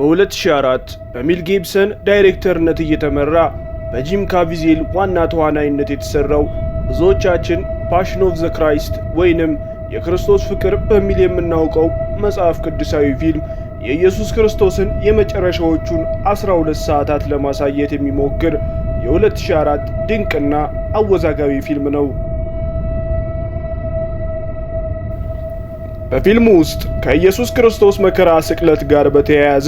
በ2004 በሚል ጌብሰን ዳይሬክተርነት እየተመራ በጂም ካቪዜል ዋና ተዋናይነት የተሰራው ብዙዎቻችን ፓሽን ኦፍ ዘ ክራይስት ወይንም የክርስቶስ ፍቅር በሚል የምናውቀው መጽሐፍ ቅዱሳዊ ፊልም የኢየሱስ ክርስቶስን የመጨረሻዎቹን 12 ሰዓታት ለማሳየት የሚሞክር የ2004 ድንቅና አወዛጋቢ ፊልም ነው። በፊልሙ ውስጥ ከኢየሱስ ክርስቶስ መከራ፣ ስቅለት ጋር በተያያዘ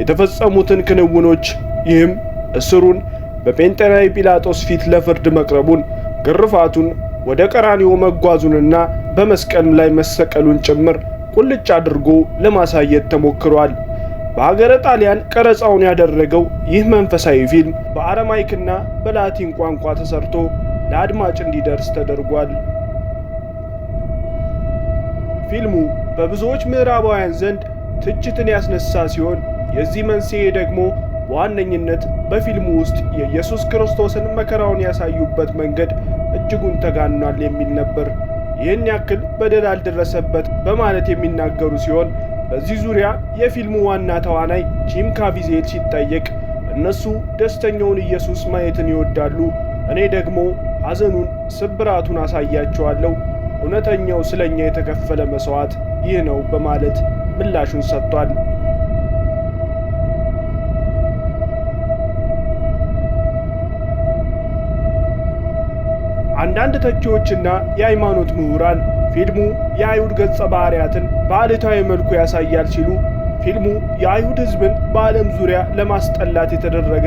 የተፈጸሙትን ክንውኖች ይህም እስሩን በጴንጤናዊ ጲላጦስ ፊት ለፍርድ መቅረቡን፣ ግርፋቱን፣ ወደ ቀራኒዮ መጓዙንና በመስቀል ላይ መሰቀሉን ጭምር ቁልጭ አድርጎ ለማሳየት ተሞክሯል። በሀገረ ጣሊያን ቀረጻውን ያደረገው ይህ መንፈሳዊ ፊልም በአረማይክና በላቲን ቋንቋ ተሰርቶ ለአድማጭ እንዲደርስ ተደርጓል። ፊልሙ በብዙዎች ምዕራባውያን ዘንድ ትችትን ያስነሳ ሲሆን የዚህ መንስኤ ደግሞ በዋነኝነት በፊልሙ ውስጥ የኢየሱስ ክርስቶስን መከራውን ያሳዩበት መንገድ እጅጉን ተጋኗል የሚል ነበር። ይህን ያክል በደል አልደረሰበት በማለት የሚናገሩ ሲሆን በዚህ ዙሪያ የፊልሙ ዋና ተዋናይ ጂም ካቪዜል ሲጠየቅ እነሱ ደስተኛውን ኢየሱስ ማየትን ይወዳሉ፣ እኔ ደግሞ ሐዘኑን፣ ስብራቱን አሳያቸዋለሁ እውነተኛው ስለ እኛ የተከፈለ መሥዋዕት ይህ ነው በማለት ምላሹን ሰጥቷል። አንዳንድ ተቺዎችና የሃይማኖት ምሁራን ፊልሙ የአይሁድ ገጸ ባህሪያትን በአሉታዊ መልኩ ያሳያል ሲሉ ፊልሙ የአይሁድ ሕዝብን በዓለም ዙሪያ ለማስጠላት የተደረገ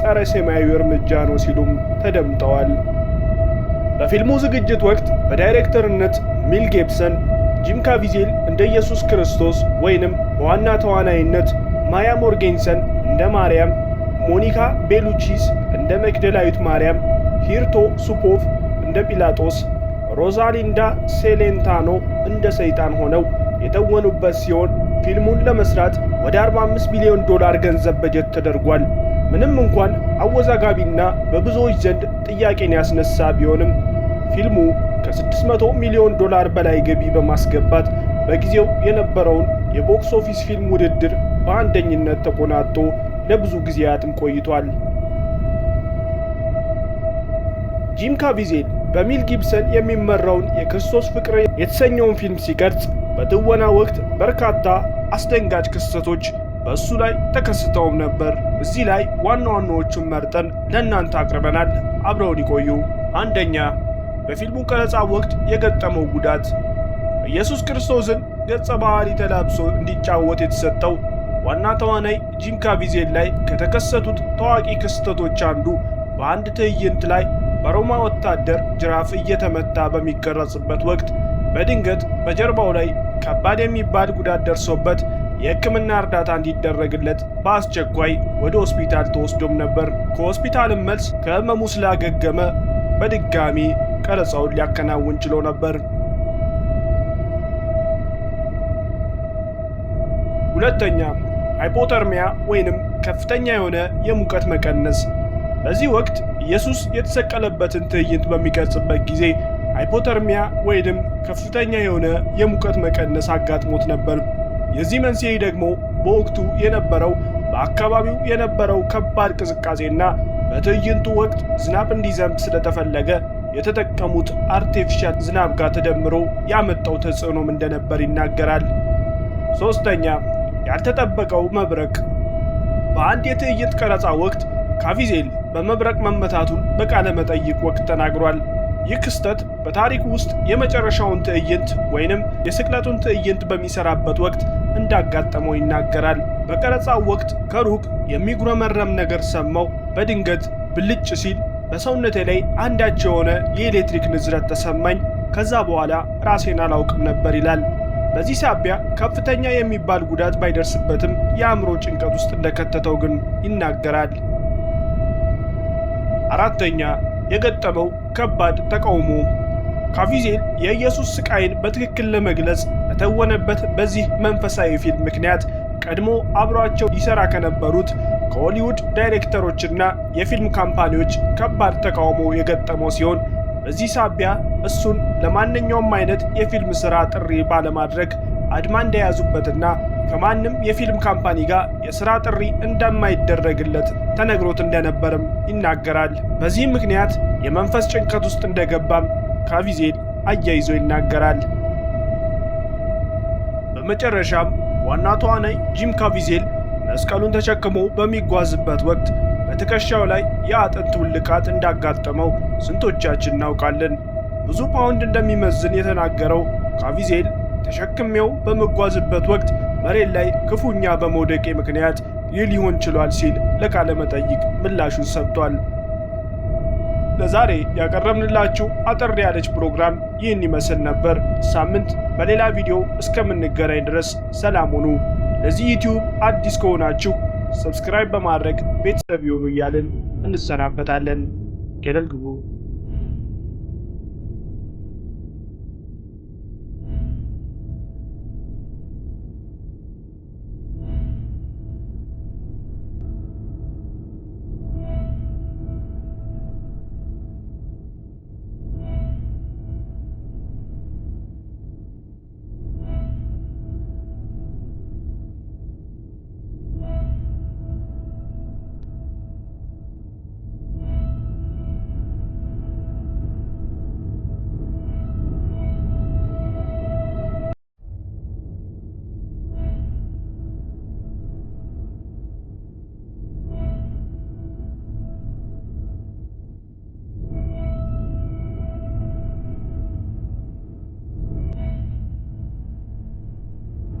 ጸረ ሴማዊ እርምጃ ነው ሲሉም ተደምጠዋል። በፊልሙ ዝግጅት ወቅት በዳይሬክተርነት ሚል ጌብሰን፣ ጂም ካቪዜል እንደ ኢየሱስ ክርስቶስ ወይንም በዋና ተዋናይነት፣ ማያ ሞርጌንሰን እንደ ማርያም፣ ሞኒካ ቤሉቺስ እንደ መግደላዊት ማርያም፣ ሂርቶ ሱፖቭ እንደ ጲላጦስ፣ ሮዛሊንዳ ሴሌንታኖ እንደ ሰይጣን ሆነው የተወኑበት ሲሆን ፊልሙን ለመስራት ወደ 45 ሚሊዮን ዶላር ገንዘብ በጀት ተደርጓል። ምንም እንኳን አወዛጋቢና በብዙዎች ዘንድ ጥያቄን ያስነሳ ቢሆንም ፊልሙ ከ600 ሚሊዮን ዶላር በላይ ገቢ በማስገባት በጊዜው የነበረውን የቦክስ ኦፊስ ፊልም ውድድር በአንደኝነት ተቆናጦ ለብዙ ጊዜያትም ቆይቷል። ጂም ካቪዜል በሚል ጊብሰን የሚመራውን የክርስቶስ ፍቅር የተሰኘውን ፊልም ሲቀርጽ በትወና ወቅት በርካታ አስደንጋጭ ክስተቶች በእሱ ላይ ተከስተውም ነበር። እዚህ ላይ ዋና ዋናዎቹን መርጠን ለእናንተ አቅርበናል። አብረውን ይቆዩ። አንደኛ በፊልሙ ቀረጻ ወቅት የገጠመው ጉዳት ኢየሱስ ክርስቶስን ገጸ ባህሪ ተላብሶ እንዲጫወት የተሰጠው ዋና ተዋናይ ጂም ካቪዜል ላይ ከተከሰቱት ታዋቂ ክስተቶች አንዱ በአንድ ትዕይንት ላይ በሮማ ወታደር ጅራፍ እየተመታ በሚቀረጽበት ወቅት በድንገት በጀርባው ላይ ከባድ የሚባል ጉዳት ደርሶበት የሕክምና እርዳታ እንዲደረግለት በአስቸኳይ ወደ ሆስፒታል ተወስዶም ነበር። ከሆስፒታልም መልስ ከህመሙ ስላገገመ በድጋሚ ቀረጻውን ሊያከናውን ችሎ ነበር። ሁለተኛ ሃይፖተርሚያ ወይንም ከፍተኛ የሆነ የሙቀት መቀነስ። በዚህ ወቅት ኢየሱስ የተሰቀለበትን ትዕይንት በሚቀርጽበት ጊዜ ሃይፖተርሚያ ወይንም ከፍተኛ የሆነ የሙቀት መቀነስ አጋጥሞት ነበር። የዚህ መንስኤ ደግሞ በወቅቱ የነበረው በአካባቢው የነበረው ከባድ ቅዝቃዜና በትዕይንቱ ወቅት ዝናብ እንዲዘንብ ስለተፈለገ የተጠቀሙት አርቴፊሻል ዝናብ ጋር ተደምሮ ያመጣው ተጽዕኖም እንደነበር ይናገራል። ሶስተኛ ያልተጠበቀው መብረቅ። በአንድ የትዕይንት ቀረጻ ወቅት ካቪዜል በመብረቅ መመታቱን በቃለ መጠይቅ ወቅት ተናግሯል። ይህ ክስተት በታሪክ ውስጥ የመጨረሻውን ትዕይንት ወይንም የስቅለቱን ትዕይንት በሚሰራበት ወቅት እንዳጋጠመው ይናገራል። በቀረጻው ወቅት ከሩቅ የሚጉረመረም ነገር ሰማው። በድንገት ብልጭ ሲል በሰውነቴ ላይ አንዳች የሆነ የኤሌክትሪክ ንዝረት ተሰማኝ። ከዛ በኋላ ራሴን አላውቅም ነበር ይላል። በዚህ ሳቢያ ከፍተኛ የሚባል ጉዳት ባይደርስበትም የአእምሮ ጭንቀት ውስጥ እንደከተተው ግን ይናገራል። አራተኛ የገጠመው ከባድ ተቃውሞ ካቪዜል የኢየሱስ ስቃይን በትክክል ለመግለጽ በተወነበት በዚህ መንፈሳዊ ፊልም ምክንያት ቀድሞ አብሯቸው ይሰራ ከነበሩት ከሆሊውድ ዳይሬክተሮችና የፊልም ካምፓኒዎች ከባድ ተቃውሞ የገጠመው ሲሆን በዚህ ሳቢያ እሱን ለማንኛውም አይነት የፊልም ስራ ጥሪ ባለማድረግ አድማ እንደያዙበትና ከማንም የፊልም ካምፓኒ ጋር የስራ ጥሪ እንደማይደረግለት ተነግሮት እንደነበርም ይናገራል። በዚህም ምክንያት የመንፈስ ጭንቀት ውስጥ እንደገባም ካቪዜል አያይዞ ይናገራል። በመጨረሻም ዋና ተዋናይ ጂም ካቪዜል መስቀሉን ተሸክሞ በሚጓዝበት ወቅት በትከሻው ላይ የአጥንት ውልቃት እንዳጋጠመው ስንቶቻችን እናውቃለን? ብዙ ፓውንድ እንደሚመዝን የተናገረው ካቪዜል ተሸክሜው በመጓዝበት ወቅት መሬት ላይ ክፉኛ በመውደቄ ምክንያት ይህ ሊሆን ችሏል ሲል ለቃለ መጠይቅ ምላሹን ሰጥቷል። ለዛሬ ያቀረብንላችሁ አጠር ያለች ፕሮግራም ይህን ይመስል ነበር። ሳምንት በሌላ ቪዲዮ እስከምንገናኝ ድረስ ሰላም ሁኑ። ለዚህ ዩቲዩብ አዲስ ከሆናችሁ ሰብስክራይብ በማድረግ ቤተሰብ ይሁኑ እያልን እንሰናበታለን። ገደል ግቡ።